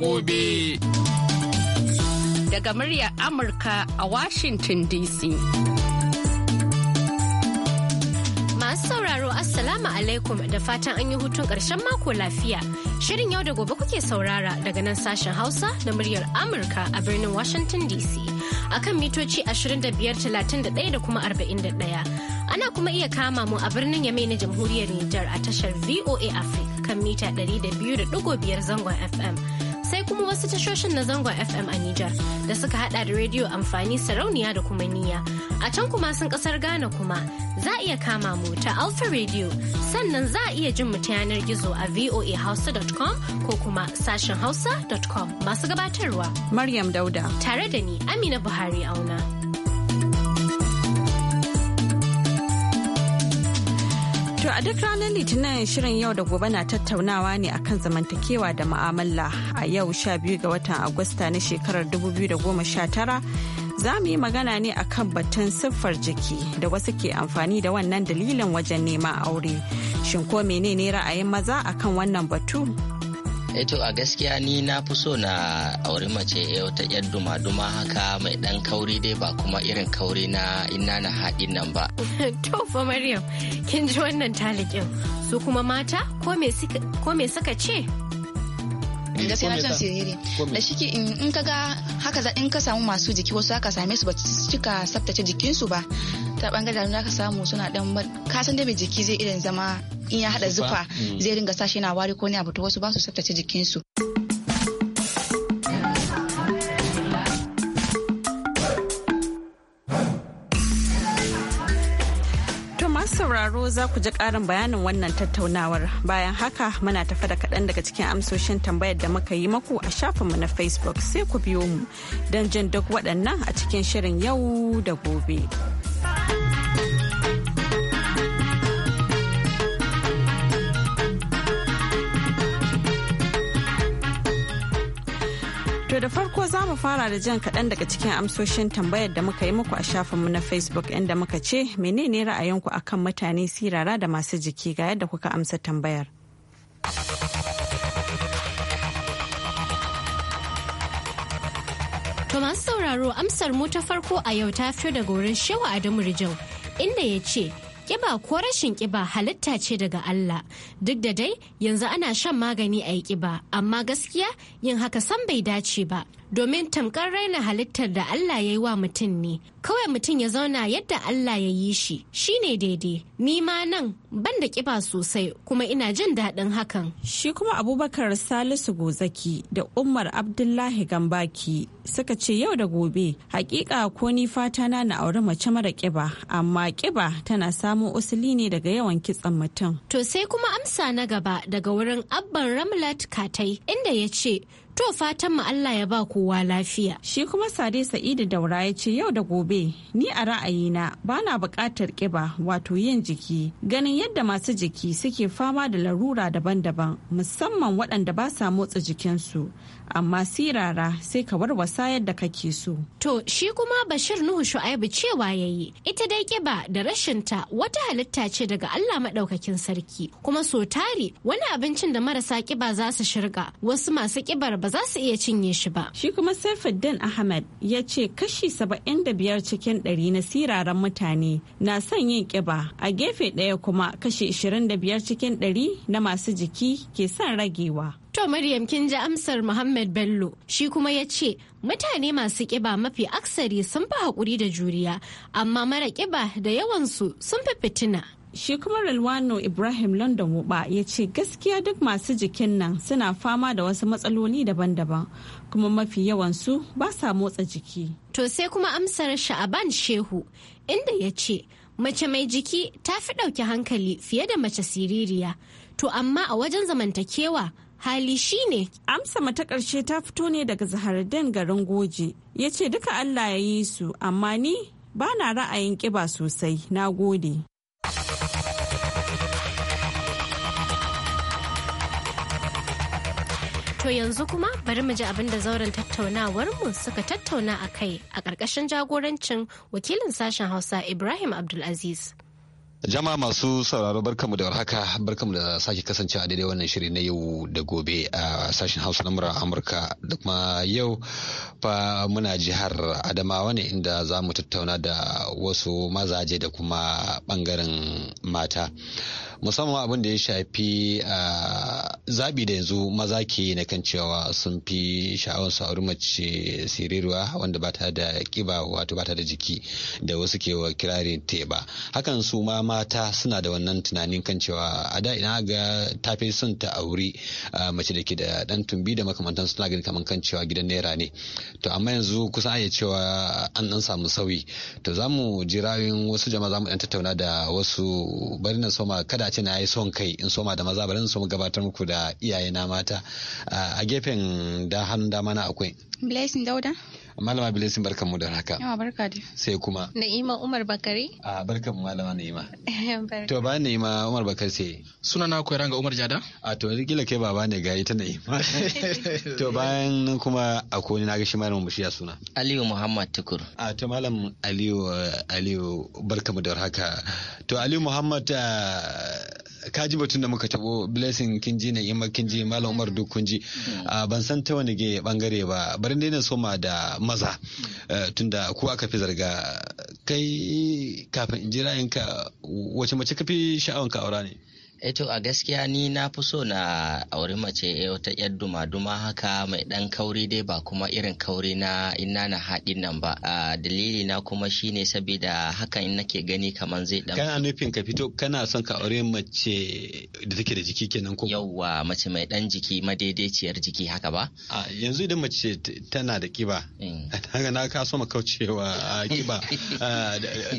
gobe. Daga muryar Amurka a Washington DC. Masu sauraro Assalamu alaikum da fatan an yi hutun ƙarshen mako lafiya. Shirin yau da gobe kuke saurara daga nan sashen Hausa da muryar Amurka a birnin Washington DC. A kan mitoci 25,31 da kuma 41. Ana kuma iya kama mu a birnin Yamai na Jamhuriyar Nijar a tashar VOA Africa kan mita 200.5 zangon FM. sai kuma wasu tashoshin na zangon FM a Nijar da suka hada da rediyo amfani sarauniya da kuma niyya. A can kuma sun kasar Ghana kuma za iya kama mu ta Alpha Radio sannan za a iya jin mu ta yanar gizo a voahausa.com ko kuma sashen hausa.com masu gabatarwa. Maryam Dauda. Tare da ni Amina Buhari auna. To a duk ranar Litinin shirin yau da gobe na tattaunawa ne akan zamantakewa da ma'amala a yau 12 ga watan Agusta na shekarar 2019 za mu yi magana ne akan batun siffar jiki da wasu ke amfani da wannan dalilin wajen neman aure. Shin ko menene ra'ayin maza akan wannan batu? eto eh a gaskiya ni na fi so na auri mace eh, wata yar duma-duma haka mai dan kauri dai ba kuma irin kauri na ina na haɗin nan ba. to fa Maryam kin ji wannan talikin su kuma mata ko me suka ce? gaskiya na son siriri da shi in kaga haka in ka samu masu jiki wasu aka same su ba cika tsaftace jikinsu ba ta bangaren da ka samu suna dan ka san da mai jiki zai irin zama in ya hada zufa mm. zai ringa sashi na wari ko ne abu to wasu ba su tsaftace jikinsu. sauraro za ku ji ƙarin bayanin wannan tattaunawar bayan haka muna tafa da kaɗan daga cikin amsoshin tambayar da muka yi maku a shafinmu na facebook sai ku biyo mu don jin duk waɗannan a cikin shirin yau da gobe. da farko za mu fara da jan kaɗan daga cikin amsoshin tambayar da muka yi muku a shafinmu na Facebook inda muka ce menene ra'ayinku akan mutane sirara da masu jiki ga yadda kuka amsa tambayar. To masu sauraro amsar mu ta farko a yau ta fito daga wurin shewa Adamu Rijau inda ya ce Ƙiba ko rashin ƙiba halitta ce daga Allah. Duk da dai yanzu ana shan magani a yi ƙiba, amma gaskiya yin haka san bai dace ba. domin tamkar raina halittar da Allah ya yi wa mutum ne. Kawai mutum ya zauna yadda Allah ya yi shi, shi ne daidai. Ni ma nan ban da kiba sosai kuma ina jin daɗin hakan. Shi kuma Abubakar Salisu Gozaki da Umar Abdullahi Gambaki suka ce yau da gobe hakika ko ni fata na na auri mace mara kiba amma kiba tana samun usuli ne daga yawan kitsan mutum. To sai kuma amsa na gaba daga wurin Abban Ramlat Katai inda ya ce To fatan mu Allah ya ba kowa lafiya. Shi kuma Sade Sa'idu Daura ya ce yau da gobe ni a ra'ayina ba na buƙatar ƙiba wato yin jiki ganin yadda masu jiki suke fama da larura daban-daban musamman waɗanda ba sa motsa jikinsu. amma sirara sai ka warwasa yadda kake so. To shi kuma Bashir Nuhu Shu'aibu cewa yayi ita dai kiba da rashin ta wata halitta ce daga Allah maɗaukakin sarki kuma so tari wani abincin da marasa kiba za su shirga wasu masu kibar ba za su iya cinye shi ba. Shi kuma Saifuddin Ahmad ya ce kashi saba'in da biyar cikin ɗari na siraran mutane na son yin kiba a gefe ɗaya kuma kashi ishirin da biyar cikin ɗari na masu jiki ke son ragewa. To Maryam kin ji amsar Muhammad Bello shi kuma ya ce mutane masu kiba mafi aksari sun fi haƙuri da juriya amma mara kiba da yawansu sun fi fitina. Shi kuma Relwano Ibrahim London Wuba ya ce gaskiya duk masu jikin nan suna fama da wasu matsaloli daban-daban kuma mafi yawansu ba sa motsa jiki. To sai kuma amsar Sha'aban Shehu inda ya ce mace mai jiki ta fi ɗauki hankali fiye da mace siririya to amma a wajen zamantakewa hali shi ne. amsa mata ƙarshe ta fito ne daga zahararren garin goje ya ce duka allah ya yi su amma ni ba na ra'ayin ƙiba sosai na gode To yanzu kuma bari mu ji abin da zauren tattaunawarmu suka tattauna a kai a ƙarƙashin jagorancin wakilin sashen Hausa Ibrahim Abdulaziz. jama masu sauraro barkamu da warhaka barkamu da sake kasance a daidai wannan shiri na yau da gobe a sashen Hausa na murar Amurka da kuma yau fa muna jihar Adamawa ne inda za mu tattauna da wasu mazaje da kuma bangaren mata. musamman abin da ya shafi zaɓi da yanzu maza ke na kan cewa sun fi sha'awar su auri mace siriruwa wanda ba ta da kiba wato ba ta da jiki da wasu ke wa kirarin teba hakan su ma mata suna da wannan tunanin kan cewa a da ina ga ta fi son ta auri mace da ke da dan tumbi da makamantan suna ganin kamar kan cewa gidan naira ne to amma yanzu kusan iya cewa an dan samu sauyi to za mu ji rayuwar wasu jama'a za mu tattauna da wasu bari na soma kada ce na yi son kai in soma da maza bari in so gabatar muku da iyayena mata a gefen da hannun dama na akwai Blessing Dauda. Malama Blessing barkan mu da haka. Yawa barka da. Sai kuma. Na'ima Umar Bakari. Ah barkan mu malama Na'ima. Eh, to ba Na'ima Umar Bakari sai. Suna na koyar ga Umar Jada. Ah to kila kai baba ne ga ita Na'ima. to bayan nan kuma akwai na ga shi malamin Bashiya suna. Aliyu Muhammad Tukur. A to malam Aliyu Aliyu barkan mu da haka. To Aliyu Muhammad kaji batun da muka tabo blessing kin ji na ima kin malam umar duk kun mm. ah, ban san ta wani ge bangare ba bari dai na soma da maza mm. eh, tunda ku aka fi zarga kai kafin in ji ra'ayinka wace mace kafi fi sha'awanka aura ne Eto eh a gaskiya ni na fi so na auri mace eh, wata yar duma-duma haka mai dan kauri dai ba kuma irin kauri na ina na haɗin nan ba. A dalili na kuma shine saboda hakan in nake gani kamar zai dan. Kana nufin ka fito kana son ka aure mace da take da jiki kenan ko? Yawwa mace mai dan jiki madaidaiciyar jiki haka ba? A yanzu idan mace tana da kiba. Mm. Haka na ka so ma kaucewa kiba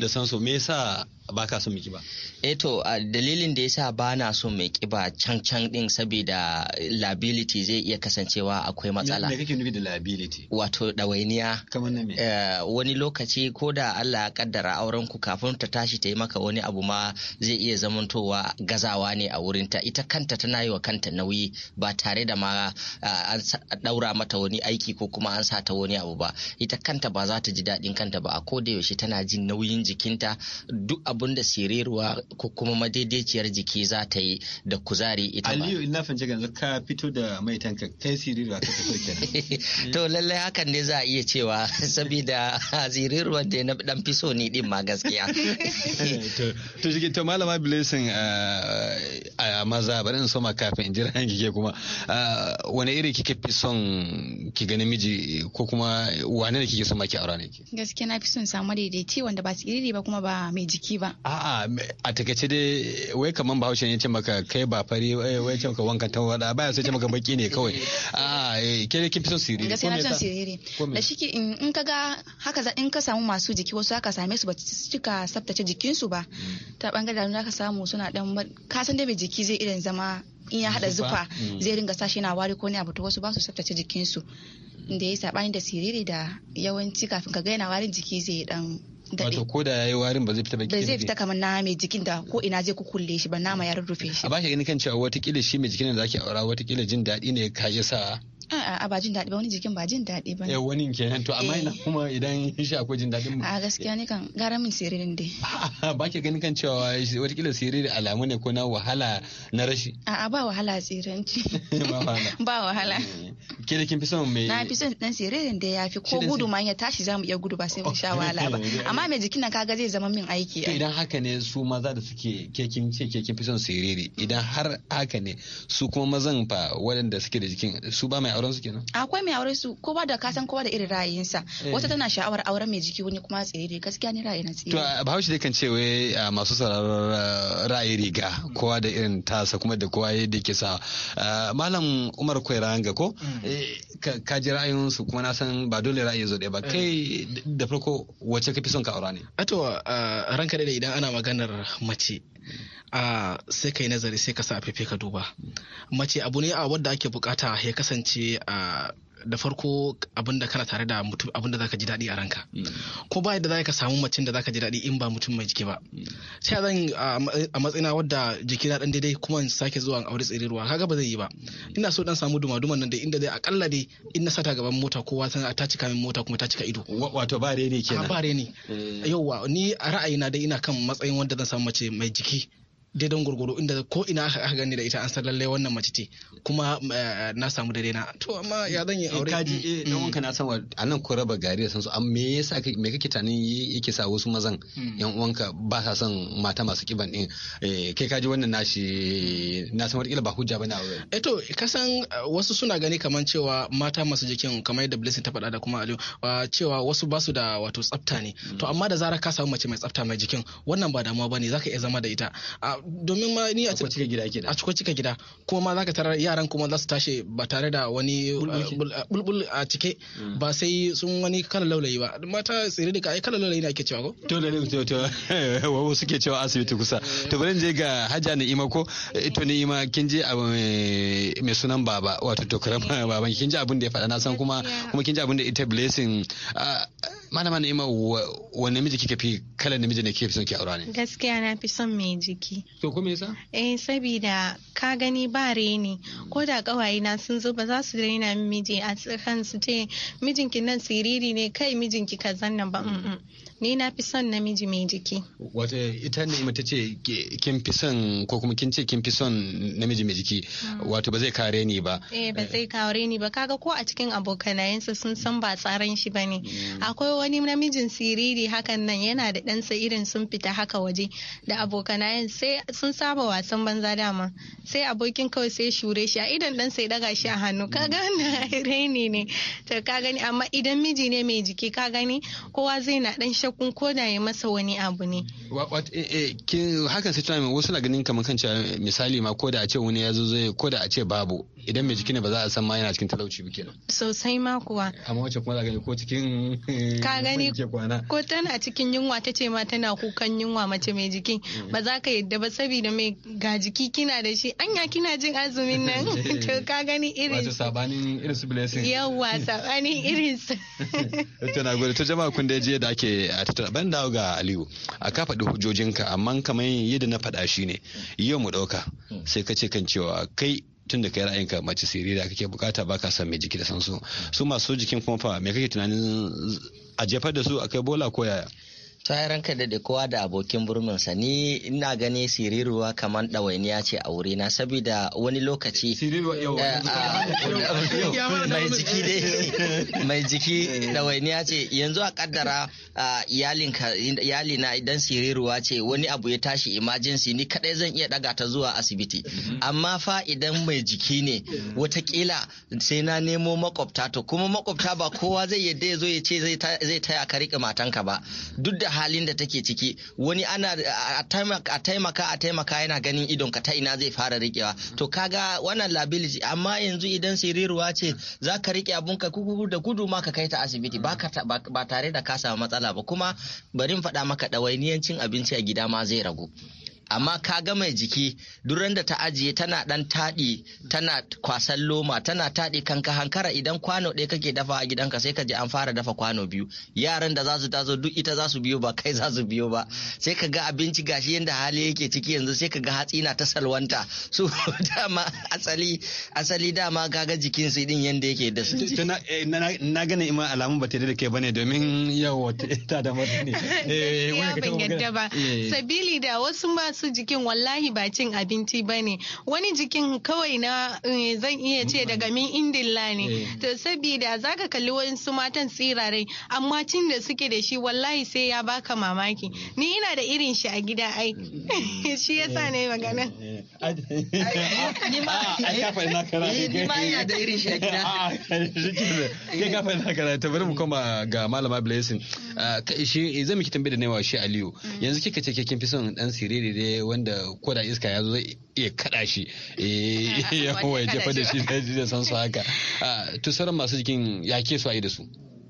da sanso me yasa ba ka son mai kiba eh to dalilin da yasa ba na son mai kiba can can din saboda liability zai iya kasancewa akwai matsala me kake nufi da liability wato dawainiya kamar me eh, wani lokaci ko da Allah ya kaddara auren ku kafin ta tashi ta yi maka wani abu ma zai iya zamantowa gazawa ne a wurin ta ita kanta tana yi wa kanta nauyi ba tare da ma an daura mata wani aiki ko kuma an sa ta wani abu ba ita kanta ba za ta ji daɗin kanta ba a koda yaushe tana jin nauyin jikinta duk abu abin da siriruwa ko kuma madaidaiciyar jiki za ta yi da kuzari ita ba. Aliyu ina fahimci yanzu ka fito da mai tanka kai siriruwa ka fito kenan. To lallai hakan ne za a iya cewa saboda siriruwa da na dan fi so ni din ma gaskiya. To shi to malama blessing uh, uh, a maza bari in soma kafin in jira kike kuma uh, wani iri kike fi son ki ga namiji ko kuma wane ne kike son ma ki aura ne Gaskiya na fi son samu daidaiti wanda ba siriri ba kuma ba mai jiki ba. ba a'a a takaice dai wai kaman bahaushe ne ce maka kai ba fari eh, wai ce maka ta tawada baya sai ce maka baki ne kawai a'a eh, ke kin fi son siriri gaskiya na son siriri da shike in ka ga haka in ka samu masu jiki wasu haka same su ba cika tsaftace jikinsu ba mm. ta bangaren da ka samu suna dan ka san dai mai jiki zai irin zama in ya hada zufa mm. zai ringa sashi na wari ko ne abu to wasu ba su tsaftace jikinsu da ya sabani da siriri da yawanci kafin ka ga yana warin jiki zai dan wato ko da yayi warin ba zai fita ba ba zai fita kamar nama mai jikin da ko ina zai kulle shi ba nama ya rurrufe shi a ba shi ganin kan cewa wata kila shi mai jikin da zaki aura wata kila jin daɗi ne ka iya sa a'a ba jin daɗi ba wani jikin ba jin daɗi ba Yau eh, wani kenan to amma ina eh. kuma idan shi akwai jin daɗin ba a gaskiya ne kan gara min siririn dai ba ke ganin kan cewa watakila siriri alamu ne ko na wahala na rashi a'a ba wahala siriranci ba wahala eh, ke da kin fi son mai na fi son dan siririn da ya fi ko gudu ma ya tashi mu iya gudu ba sai mun sha oh, wahala ba amma mai jikin nan kaga zai zama min aiki to idan haka ne su maza da suke ke kin ce ke kin fi son siriri idan har haka ne su kuma mazan fa waɗanda suke da jikin su ba mai auren su kenan akwai mai auren su kowa da kasan kowa da irin ra'ayinsa eh. wata tana sha'awar auren mai jiki wani kuma ne gaskiya ni ra'ayi na tsaye to bahaushe dai kan ce wai masu sauraron ra'ayi riga kowa da irin tasa kuma da kowa yadda ke sa malam umar kwairanga ko mm. eh, ka ji ra'ayin su kuma na san ba dole ra'ayi zo ba eh. kai da farko wace ka fi son ka aura ne a ranka da idan ana maganar mace a sai kai nazari sai ka sa fefe ka duba mace abu ne a wadda ake bukata ya kasance a da farko abinda kana tare da mutum abinda zaka ji daɗi a ranka mm. ko ba yadda zaka samu macin da zaka ji daɗi in ba mutum mai jiki ba mm. sai zan a matsayina wadda jiki na dan daidai kuma in sake zuwa aure tsirirwa. ruwa kaga ba zai yi ba mm. ina so dan samu duma duman nan da inda zai akalla dai in na sata gaban mota kowa san ta cika min mota kuma ta cika ido wato ba reni kenan ba reni eh. yauwa ni a ra'ayina dai ina kan matsayin wanda zan samu mace mai jiki daidan gurguru inda ko ina aka gani da ita an san lallai wannan mace ce kuma eh, na samu daidai na to amma ya zan yi aure eh, kaji eh dan mm. wanka na san a nan ko raba gari da san su me yasa me kake tunanin yake sa wasu mazan mm. yan uwanka ba sa son mata masu kiban din eh, kai kaji wannan nashi na san wata ba hujja bane eh to kasan wasu suna gani kaman cewa mata masu jikin kamar yadda Blessing ta faɗa da kuma Aliyu cewa wasu ba su da wato tsafta ne mm. to amma da zarar ka samu mace mai tsafta mai jikin wannan ba damuwa bane zaka iya zama da ita ah, domin ma ni a cika gida kenan a cika cika gida kuma ma zaka tarar yaran kuma za su tashi ba tare da wani eh, eh, bulbul a cike mm. ba sai sun wani kala laulayi ba mata tsiri da kai kala laulayi ne ake cewa ko to da to to wawo suke cewa asibiti kusa eh. to bari je ga Hajja ne ko to ima kin je a mai sunan baba wato to karama baban kin je abin da ya faɗa na san kuma kuma kin je abin da ita blessing malama wa wani miji kika fi kalan namiji ne kike fi son ki aura ne gaskiya na fi son mai jiki To kuma yasa? Eh sabida ka gani ba reni ko da kawaye na sun zo ba za su min miji a tsakan su ce mijinki nan siriri ne kai mijinki kazan nan ba ni na fi son namiji mai jiki. Wata ita ne mata ce kin fi son ko kuma kin ce kin fi son namiji mai jiki mm. wato ba zai kare ni ba. Eh ba zai kare ni ba kaga ko a cikin abokanayensa sun san ba tsaran shi bane. Mm. Akwai wani namijin siriri hakan nan yana da dansa irin sun fita haka waje da abokanayen sai sun saba wasan banza dama sai abokin kawai sai shure shi a idan dan sai daga shi a hannu ka gani raini ne to ka gani amma idan miji ne mai jiki ka gani kowa zai na dan shakkun ko da ya masa wani abu ne eh, eh, hakan sai wasu na ganin kamar kan misali ma ko da a ce wani ya zo zai ko da a ce babu idan mai jiki ne ba za a san ma yana cikin talauci ba kenan sosai ma kuwa amma wacce kuma za gani ko cikin ka gani ko tana cikin yunwa ta ce ma tana kukan yunwa mace mai jikin mm. ba za ka yadda ba saboda mai ga jiki kina da shi anya kina jin azumin nan to ka gani irin wato sabanin irin su blessing yawa sabanin irin su to na gode to jama'a kun da je da ake a tattara ban dawo ga Aliyu a ka faɗi hujjojinka amma kamar yadda na faɗa shi ne yau mu ɗauka mm. sai ka ce kan cewa kai tun da kai ra'ayinka mace da kake bukata baka son mai jiki da sansu su masu jikin kuma fa me kake tunanin a jefar da su akai bola ko yaya ta ranka da kowa da abokin burminsa ni ina gani siriruwa kamar ɗawainiya ce a wurina saboda wani lokaci eh, ah, mai jiki dai mai jiki eh. ɗawainiya ce yanzu a kaddara ah, iyalina idan siriruwa ce wani abu ya tashi emergency ni kadai zan iya daga ta zuwa asibiti mm-hmm. amma fa idan mai jiki ne watakila sai na nemo makwabta to kuma makwabta ba kowa zai yadda ya zo ya ce zai taya ka riƙe matanka ba duk halin da take ciki wani ana a taimaka a taimaka yana ganin idon ka ta ina zai fara rikewa to kaga wannan liability amma yanzu idan siriruwa ce za ka rike abunka kuku da gudu ma ka kai ta asibiti ba tare da ka samu matsala ba kuma bari faɗa maka ɗawainiyancin abinci a gida ma zai ragu amma ka ga mai jiki duran da ta ajiye tana dan taɗi tana kwasan loma tana taɗi kanka hankara idan kwano ɗaya kake dafa a gidanka sai ka je an fara dafa kwano biyu yaran da za su tazo duk ita za su biyo ba kai za su biyo ba sai ka ga abinci gashi yadda hali yake ciki yanzu sai ka ga hatsi na ta salwanta su dama asali asali dama kaga jikin su din yadda yake da su na eh, gane ima alamun ba da kai bane domin yau ta da mutane ne eh wani ka ba eh. sabili da wasu masu wasu jikin wallahi ba cin abinci ba ne wani jikin kawai na eh, zan iya ce daga min indilla ne eh. to saboda ka kalli wasu matan tsirare amma cin da suke da shi wallahi sai ya baka mamaki ni ina da irin shi a gida ai mm. shi sa eh. ne magana ni ma ina da irin shi a gida ah, ke kafa na karanta bari mu koma ga malama blessing ah, shi zai miki da nawa shi aliyu mm. yanzu kika ce kin fi son dan siriri da wanda koda iska ya zo eh, ya kada shi yawa ya jefa da shi da san su haka to masu jikin ya ke su a yi da su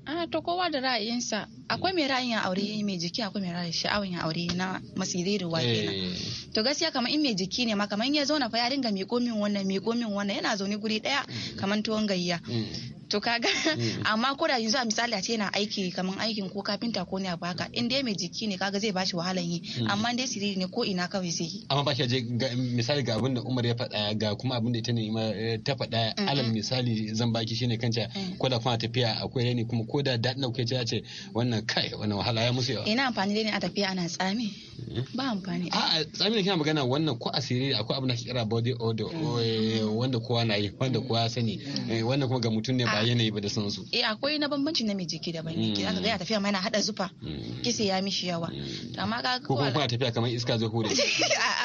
a to kowa da ra'ayinsa akwai mai ra'ayin aure mai jiki akwai mai ra'ayin ya aure na masirai da wake na eh. to gaskiya kamar in mai jiki ne ma kamar ya zauna fa ya dinga mai komin wannan mai komin wannan yana zaune guri daya kamar tuwon gayya mm. to kaga mm. amma ko da yanzu a misali a ce yana aiki kamar aikin ko kafinta ko ne abu haka in dai mai jiki ne kaga zai bashi wahalan yi mm. amma dai siriri ne ko ina kawai zai yi amma ba shi je misali ga abin da Umar ya faɗa ga kuma abin da ita ne eh, ta faɗa alal misali zan baki shine kanta mm. ko da kuma tafiya akwai rani kuma ko da daɗin da ce a ce wannan kai wannan wahala ya musu yawa ina amfani dai ne a tafiya ana tsami ba amfani a tsami ne kina magana wannan ko asiri akwai abin da ke kira body odor eh, wanda kowa na yi wanda kowa sani eh, wannan kuma ga mutum ne ba yanayi ba da san su eh akwai na bambanci na mai jiki da bai ki zaka ga ya mm. tafiya mana hada zufa mm. Kise ya mishi yawa mm. amma ka ko kuma kuna tafiya kamar iska zo hore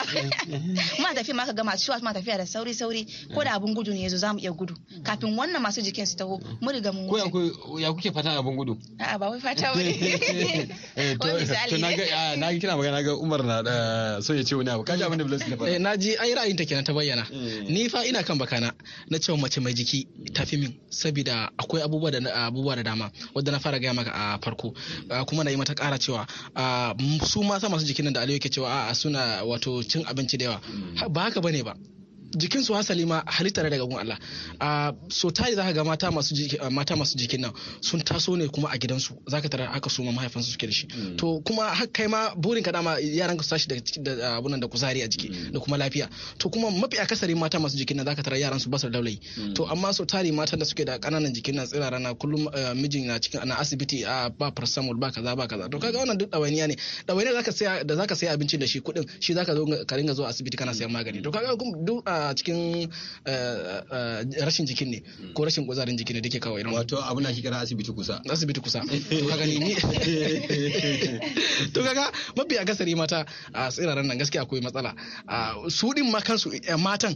muna tafiya ma ka gama cewa muna tafiya da sauri sauri ko da abun gudu ne yazo zamu iya gudu kafin wannan masu jikin su taho mu riga mu. ko ya kuke fata abun gudu a'a ba wai fata bane eh, to na ga ah, na kina magana ga Umar na ah, so ya ce wani abu kaji abin da Bilal ya faɗa eh, na ji ai ra'ayin ta kenan ta bayyana ni fa ina kan bakana na cewa mace mai jiki tafi min saboda da akwai abubuwa da abubuwa da dama wanda na fara gaya maka a farko kuma na yi mata kara cewa su mata masu jikin da Aliyu ke cewa a suna wato cin abinci da yawa mm. ba haka bane ba jikin su hasali ma halitta daga gun Allah a so tari zaka ga mata masu mata masu jikin nan sun taso ne kuma a gidansu zaka tarar aka suma mahaifansu suke da shi mm. to kuma kai ma burin ka dama yaran ka su tashi da abunan da kuzari a jiki mm. da kuma lafiya to kuma mafi akasari mata masu jikin nan zaka tarar yaran su basar daulayi mm. to amma so tari matan da suke da kananan jikin nan tsirara na kullum mijin na cikin na asibiti a ba paracetamol ba kaza ba kaza to kaga wannan duk dawainiya ne dawainiya zaka sai da zaka saya abinci da shi kuɗin shi zaka zo ka ringa zuwa asibiti kana sayan magani to kaga duk yana cikin eh, eh, rashin jikin ne ko rashin kuzarin jikin ne da ke kawo wato abu na kira asibiti kusa asibiti kusa to kaga ni to kaga mafi akasari mata a tsiraran nan gaskiya akwai matsala su din ma kansu eh, matan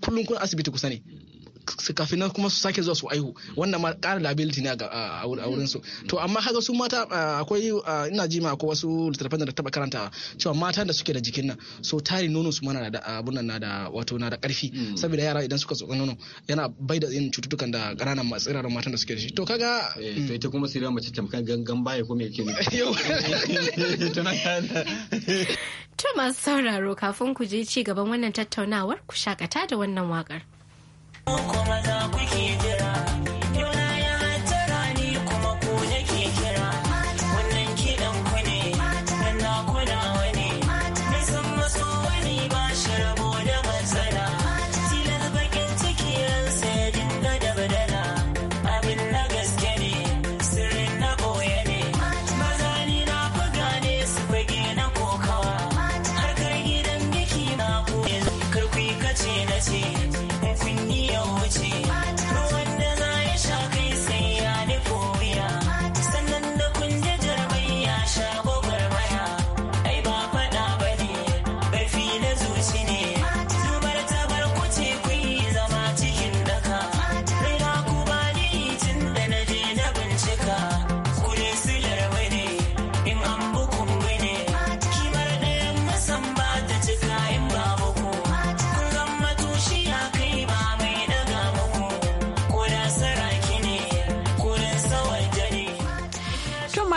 kullum kun asibiti kusa ne kafin nan kuma su sake zuwa su aihu wannan ma ƙara liability ne a wurin su to amma haka su mata akwai ina ji ma akwai wasu littattafan da taba karanta cewa mata da suke da jikin nan so tari nono su mana da abun nan na da wato na da karfi hmm. saboda yara idan suka tsoka nono yana bai da yin cututtukan da ƙananan matsiraran matan da suke da shi to kaga eh, hmm. to ita kuma sai mace tamkar gangan baya ko me yake To masu sauraro kafin ku je ci gaban wannan tattaunawar ku shakata da wannan wakar. Como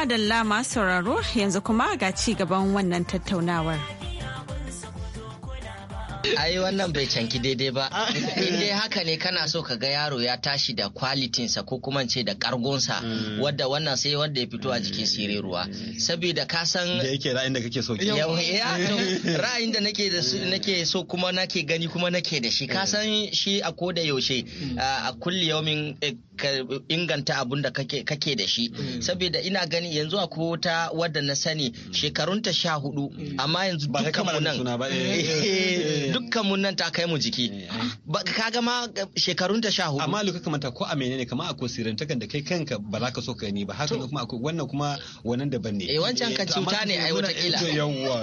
madalla masu sauraro yanzu kuma ga ci gaban wannan tattaunawar. ai wannan bai canki daidai ba in dai haka ne kana so ka ga yaro ya tashi da kwalitinsa ko kuma ce da kargonsa mm. wadda wannan sai wanda ya fito a jikin sireruwa mm. saboda ka san da yake ra'ayin da kake so eh, ah, ra'ayin da nake da nake so kuma nake gani kuma nake da shi ka eh. san shi a koda yaushe mm. ah, a kulli yaumin eh, ka inganta abun da kake, da shi mm. saboda ina gani yanzu a ta wadda na sani mm. shekarunta sha hudu mm. amma yanzu eh. Eh. dukkan mu nan ta kai mu jiki eh. kaga ma shekarunta sha hudu amma luka kamanta ko a menene kama akwai takan da kai kanka ba za ka so ka ni ba haka kuma akwai wannan kuma wannan ban ne eh wancan ka cuta ne ai wata kila to yawwa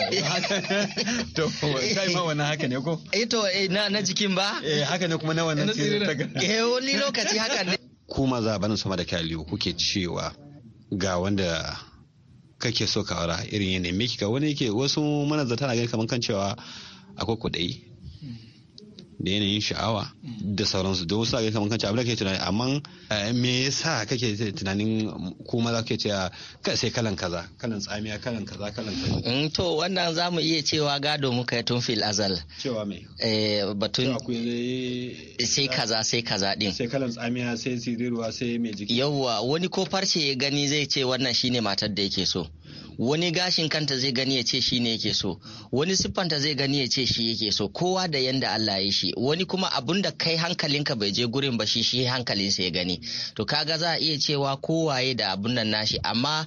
to kai ma wannan haka ne ko eh to na jikin ba eh haka ne kuma na wannan sirantakan eh wani lokaci haka ne kuma zaɓen sama da kyaliyo kuke cewa ga wanda kake so ka aura irin yanayi miki kika wani yake wasu manazarta na gani kamar kan cewa akwai kudai da yanayin sha'awa da sauransu don wasu ga kamar kanci abin da kake tunani amma eh, me yasa kake tunanin ko maza ka ce ah, ka sai kalan kaza kalan tsamiya kalan kaza kalan kaza mm, to wannan za mu iya cewa gado muka yi tun fil azal cewa me eh batun sai kaza sai kaza din sai kalan tsamiya sai siriruwa sai mai jiki yawwa wani ko farce ya gani zai ce wannan shine matar da yake so wani gashin kanta zai gani ya ce shi ne yake so wani siffanta zai gani ya ce shi yake so kowa da yanda Allah ya shi wani kuma abun da kai hankalinka bai je gurin ba shi shi sa ya gani to kaga za a iya cewa kowaye da abun nan nashi amma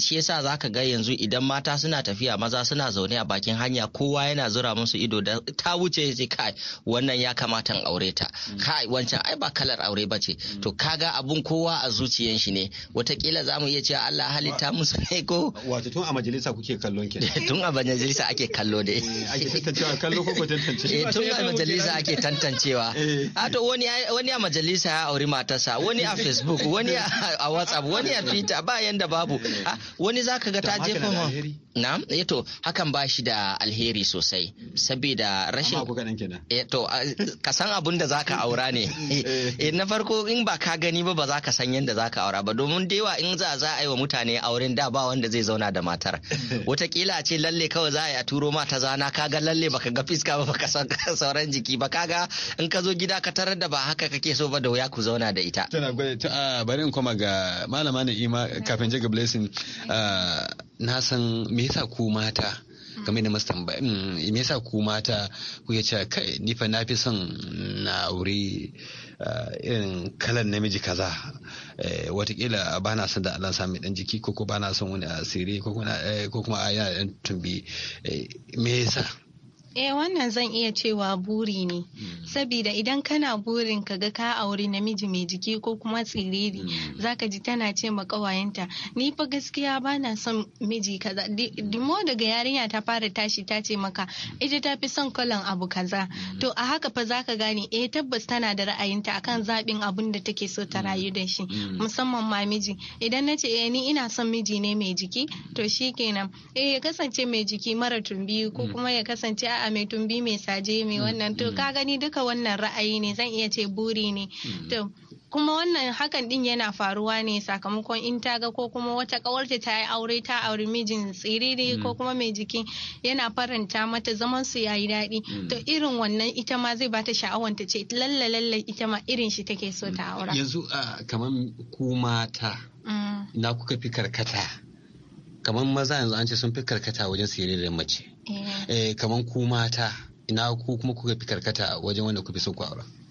shi yasa zaka ga yanzu idan mata suna tafiya maza suna zaune a bakin hanya kowa yana zura musu ido da ta wuce sai kai wannan ya kamata in aure ta mm. kai wancan ai ba kalar aure bace mm. to kaga abun kowa a zuciyan shi ne watakila za mu iya cewa Allah halitta musu ko wato tun a majalisa kuke kallon ke tun a majalisa ake kallo dai eh, ake tantancewa kallo ko ko tantance eh, tun a majalisa ake tantancewa eh. a ah, to wani wani a majalisa ya auri matarsa wani a facebook wani a whatsapp wani a twitter ba yanda babu ah, wani zaka ga ta jefa na eh to hakan ba shi da alheri sosai saboda rashin eh to ka san abin da ka aura ne eh. na farko in ba ka gani ba ba za ka san yadda za ka aura ba domin dewa in za a yi wa mutane auren da ba wanda zai zauna da matar watakila a ce lalle kawai za a yi a turo ma ta zana kaga lalle baka ga fiska ba baka san sauran jiki ba kaga in ka zo gida ka tarar da ba haka kake so ba da wuya ku zauna da ita tana gwada ta in koma ga malama na kafin je blessing na san me yasa ku mata game da masu tambaya mm, me yasa ku mata ya ce kai ni na fi son na aure eh, irin kalan namiji kaza eh, watakila ba na son da Allah sa mai dan jiki ko ko ba na son wani asiri ko kuma eh, a yana dan tumbi me yasa Eh wannan zan iya cewa buri ne. Mm. Sabida idan kana burin ka ga ka auri namiji mai jiki ko kuma tsiriri mm. zaka ji tana ce ma kawayenta ni fa gaskiya bana son miji kaza. Dimo daga yarinya ta fara tashi ta ce maka ita ta fi son kalan abu kaza. Mm. To a haka fa zaka gane eh tabbas tana da ra'ayinta akan zabin abun da take so ta rayu da shi musamman ma miji. Idan nace eh ni ina son miji ne mai jiki to shikenan eh ya kasance mai jiki mara tumbi ko kuma ya kasance a a mai tumbi mai saje mai mm, wannan to mm. ka gani duka wannan ra'ayi ne zan iya ce buri ne mm. to kuma wannan hakan din yana faruwa ne sakamakon in ta ga ko kuma wata kawarta ta yi aure ta auri mijin tsiriri ko kuma mai jiki yana faranta mata zaman su yayi daɗi to irin wannan ita ma zai bata sha'awar ta ce lalla lalla ita ma irin shi take so ta aura yanzu kamar ku mata na kuka fi karkata kamar maza yanzu an ce sun fi karkata wajen siririn mace eh. eh, kamar ku mata ina ku kuma kuka fi karkata wajen wanda ku fi son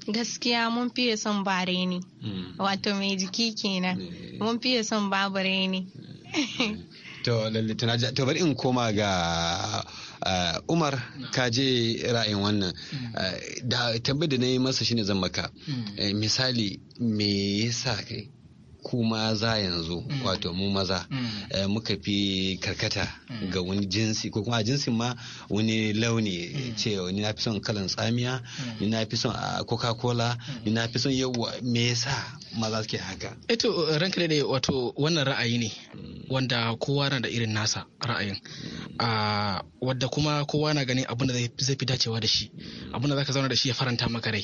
ku gaskiya mun fiye son ba reni hmm. wato mai jiki kenan eh. mun fiye son babu reni to lalle to bari in koma ga umar ka je ra'ayin wannan hmm. da tambayar da na yi masa shine zan maka hmm. misali me yasa kai Kuma za yanzu mm. wato mu maza mm. eh, muka fi karkata mm. ga wani jinsi ko kuma jinsin ma wani launi ce ni na fi son kalan tsamiya ni na fi son ah, coca cola ni na fi son yawa me yasa maza suke haka eto eh ranka ne wato wannan ra'ayi ne wanda kowa na da irin nasa ra'ayin a ah, wadda kuma kowa na ganin abin da zai fi dacewa da shi abin da zaka zauna da shi ya faranta maka rai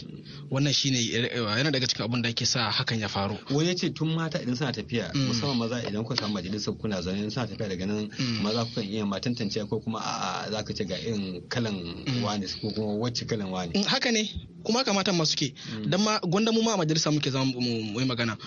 wannan shine eh, yana daga cikin abin da yake sa hakan ya faru wani ce tun ma mata idan suna tafiya mm. musamman maza idan kuka samu majalisar kuna zaune suna tafiya daga nan mm. maza kuka iya ma tantance ko kuma a'a za ka ce ga irin kalan mm. wani ko kuma wacce kalan wani. Haka ne kuma haka matan ma suke dan ma gwanda mu ma majalisa muke zama mu yi magana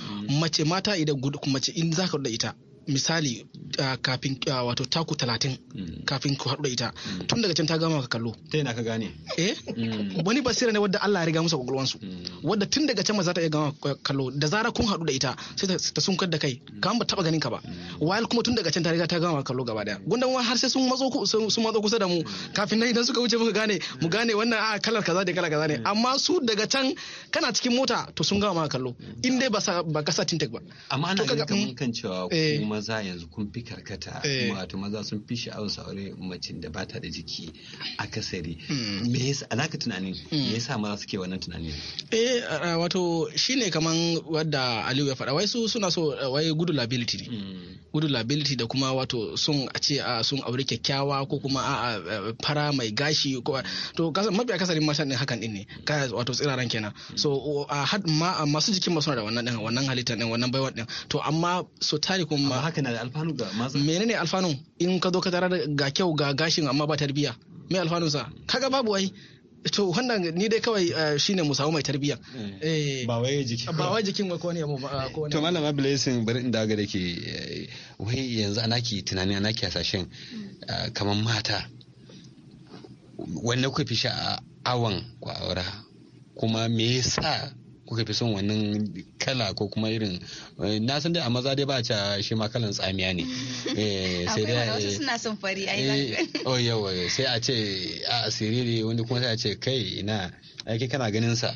mace mata idan mace in za ka da ita misali uh, kafin uh, wato taku talatin mm. kafin ku haɗu da ita mm. tun daga can ta gama ka kallo ta yana ka gane eh mm. wani basira ne wadda Allah ya riga musu su wadda tun daga can ma za ta iya gama kallo da zara kun haɗu da ita sai ta sunkar da kai ka ba taɓa ganin ka ba wayal kuma tun daga can ta riga ta gama kallo gaba daya gundan har sai sun matso sun matso kusa da mu kafin nan idan suka wuce muka gane mu gane wannan a ah, kalar kaza da kalar kaza ne amma su daga can kana cikin mota to sun gama kallo in dai ba ka sa tintek ba amma ana ganin kan cewa eh. maza yanzu kun fi karkata eh. wato maza sun fi sha'awar saurin macin da bata da jiki akasari hmm. me yasa alaka tunanin me hmm. yasa maza suke wannan tunanin eh wato shine kaman wadda Aliyu ya faɗa wai su suna so eh, wai good liability hmm. gudu liability da kuma wato sun a ce a sun aure kyakkyawa ko kuma a fara mai gashi ko to mafi akasarin mashan din hakan din ne wato tsiraran kenan so masu jikin masu da wannan din wannan halittar din wannan baiwar din to amma so tari kuma haka na da alfanu ga maza menene alfanu in ka zo ka tara ga kyau ga gashin amma ba tarbiya me alfanu sa kaga babu wai to wannan ni dai kawai eh, shine mu samu mai tarbiyya eh, eh, ba wai jikin ba wai jikin ko ne ko ne to malama blessing bari in daga da wai yanzu ana ki tunani ana ki hasashen kamar mata wanne kuka fi sha'awan ku aura kuma me yasa kuka fi son wannan kala ko kuma irin eh, na san dai a maza dai ba shima shi ma kalan tsamiya ne eh, sai dai wasu eh, suna son fari ai oh yawa sai a ce a asiri ne wani kuma sai a ce kai ina aiki kana ganin sa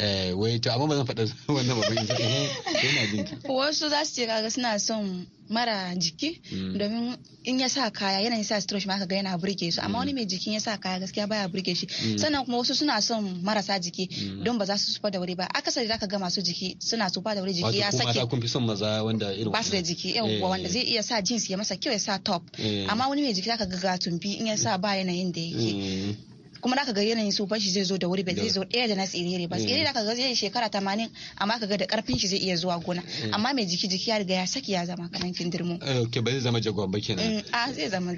Eh, wai to amma ba zan faɗa wannan babban yana jin wasu za su ce kaga suna son mara jiki mm. domin in ya sa kaya yana sa stretch ma ga yana burge su amma mm. wani mai jikin ya sa kaya gaskiya baya burge shi mm. sannan kuma wasu suna son marasa jiki don ba za su sufa da wuri ba akasari zaka ga masu jiki suna sufa da wuri jiki ya sake kun fi son maza wanda irin ba su da jiki yawa eh. wanda zai iya sa jeans ya masa kyau ya sa top eh. amma wani mai jiki zaka ga ga tumbi in ya sa ba yanayin da yake kuma da ga yanayin tsufan shi zai zo da wuri ba zai zo ɗaya da na tsirere ba mm. tsirere da ga zai shekara tamanin amma ga da karfin shi zai iya zuwa gona mm. amma mai jiki jiki ya riga ya saki ya zama kanan kindirmo ke ba zai zama jagoran ba kenan mm, a zai zama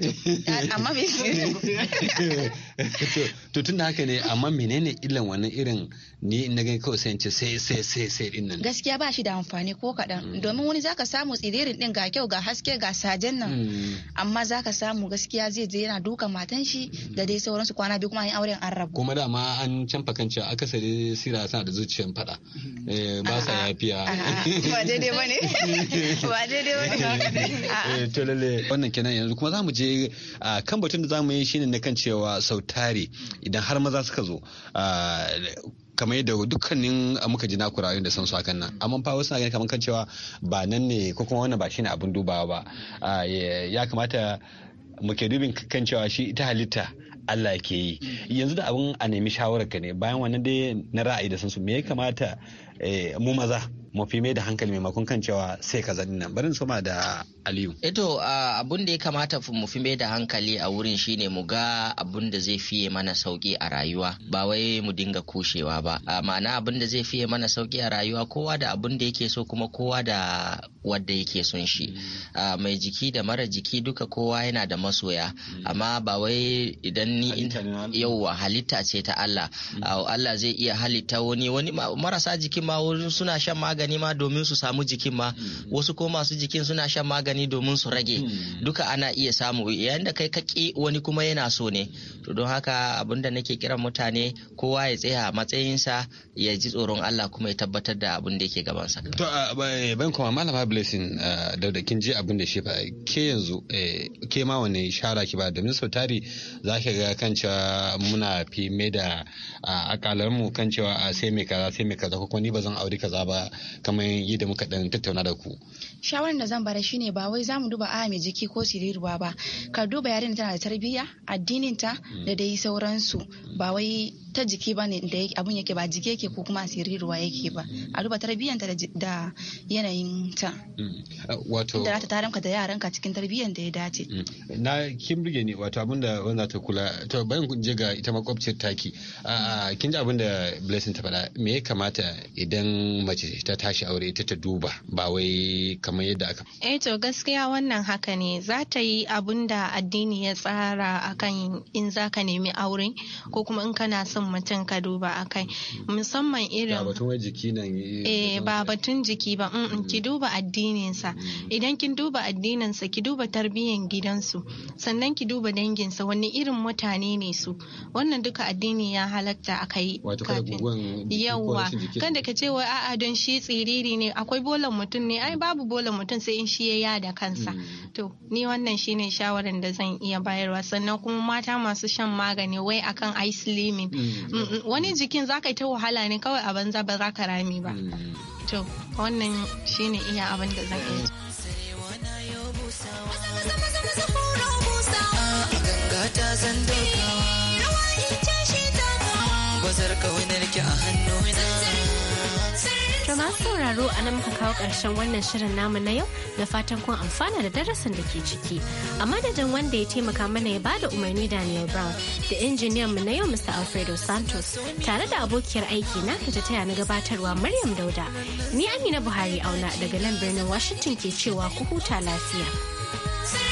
amma mai to tun da haka ne amma menene illan wannan irin ni in na gani kawai sai in ce sai sai sai sai din nan gaskiya ba shi da amfani ko kaɗan mm. domin wani zaka samu tsiririn din ga kyau ga haske ga sajen nan mm. amma zaka samu gaskiya zai je yana duka matan shi mm. da dai sauransu kwana biyu kuma an auren an rabu kuma dama an canfa kanci akasari sira suna da zuciyan fada eh, ba sa yafiya ba daidai bane ba daidai bane eh, to lalle wannan kenan yanzu kuma zamu je kan batun da zamu yi shine na kan cewa sautare idan har maza suka zo kamar yadda dukkanin ah, muka ji naku ra'ayoyin da san su hakan nan amma fa wasu na ganin kamar kan cewa ba nan ne ko kuma wannan ba shine abin dubawa ba ah, ya kamata muke dubin kan cewa shi ita halitta Allah ke yi yanzu da abin a nemi shawarar ka ne bayan wannan dai na ra'ayi da su me ya kamata eh, mu maza mu fi mai da hankali maimakon kan cewa sai ka zani nan barin ma da Aliyu. Eto eh uh, abun da ya kamata mu fi mai da hankali a wurin shine mu ga abun da zai fiye mana sauki a rayuwa ba wai mu dinga kushewa ba. Uh, ma'ana abun da zai fiye mana sauki a rayuwa kowa da abun da yake so kuma kowa da wadda yake son shi. Uh, mai jiki da mara jiki duka kowa yana da masoya amma ba wai idan ni yauwa halitta ce ta Allah. Allah zai iya halitta wani wani marasa jikin ma suna shan magani ma domin su samu jikin ma mm. wasu ko masu jikin suna shan magani gani domin su rage hmm. duka ana iya samu yayin da kai ka wani kuma yana so ne to don haka abinda nake kiran mutane kowa ya tsaya a matsayinsa ya ji tsoron Allah kuma ya tabbatar da abin da yake sa to eh, ban kuma malama blessing da kin ji abin da shi ba ke yanzu eh, ke ma wani shara ki ba domin sau tari za ki ga kan cewa muna fi mai da akalar mu kan cewa sai mai kaza sai mai kaza ko ni ba zan aure kaza ba kamar yi da muka dan tattauna da ku Shawarar da zan bara shine ba wai zamu duba aya mai jiki ko siriruwa ba ka duba yarin tana da tarbiyya addinin ta mm. da dai sauransu ba wai ta jiki bane da abun yake ba jiki yake ko kuma siriruwa yake ba a duba tarbiyyanta da yanayin ta mm. uh, wato da ta taranka da yaranka cikin tarbiyyan da ya dace mm. na kin burge ne wato abinda da wanda ta kula to bayan kun je ga ita makwabciyar taki kin ji abinda blessing ta faɗa me ya kamata idan mace ta tashi aure ita ta duba ba wai kamar yadda aka eh to gaskiya wannan haka ne za ta yi abun da addini ya tsara akan in za ka nemi aure ko kuma in kana son mutum ka duba akai musamman irin ba batun jiki nan eh ba batun jiki ba ki mm. duba addininsa mm. idan kin duba addininsa ki duba tarbiyyar gidansu sannan ki duba danginsa wani irin mutane ne su wannan duka addini ya halatta aka yi kafin yawa kada ka ce wai a'a don shi tsiriri ne akwai bolan mutum ne ai babu bolan dole mutum sai in shi ya da kansa mm. to ni wannan shine shawarar da zan iya bayarwa sannan kuma mata masu shan magani wai akan ice mm. wani jikin zaka yi ta wahala ne kawai a banza ba za ka rami ba mm. to wannan shine iya abin da zan iya sauraro a nan muka kawo ƙarshen wannan shirin namu na yau da fatan kun amfana da darasin da ke ciki. A madadin wanda ya taimaka mana ya bada umarni Daniel Brown da injiniyan mu na yau Mr. Alfredo Santos tare da abokiyar aiki na ta taya na gabatarwa Maryam Dauda. Ni Amina Buhari auna daga nan birnin Washington ke cewa ku huta lafiya.